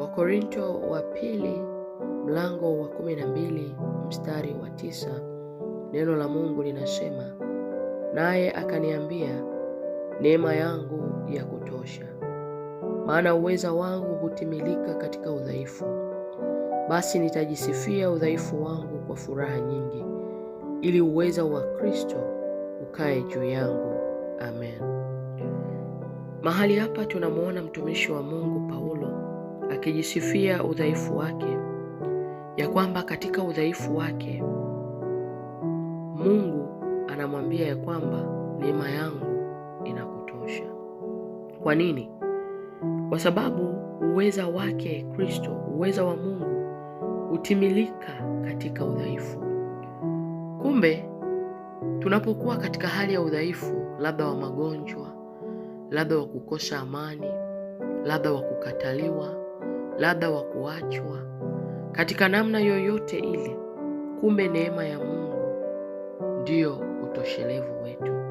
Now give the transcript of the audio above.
Wakorinto wa pili mlango wa kumi na mbili mstari wa tisa neno la Mungu linasema, naye akaniambia, neema yangu ya kutosha, maana uweza wangu hutimilika katika udhaifu. Basi nitajisifia udhaifu wangu kwa furaha nyingi, ili uweza wa Kristo ukae juu yangu. Amen. Mahali hapa tunamwona mtumishi wa Mungu Paulo akijisifia udhaifu wake, ya kwamba katika udhaifu wake Mungu anamwambia ya kwamba neema yangu inakutosha. Kwa nini? Kwa sababu uweza wake Kristo, uweza wa Mungu hutimilika katika udhaifu. Kumbe tunapokuwa katika hali ya udhaifu, labda wa magonjwa, labda wa kukosa amani, labda wa kukataliwa labda wa kuachwa katika namna yoyote ile. Kumbe neema ya Mungu ndiyo utoshelevu wetu.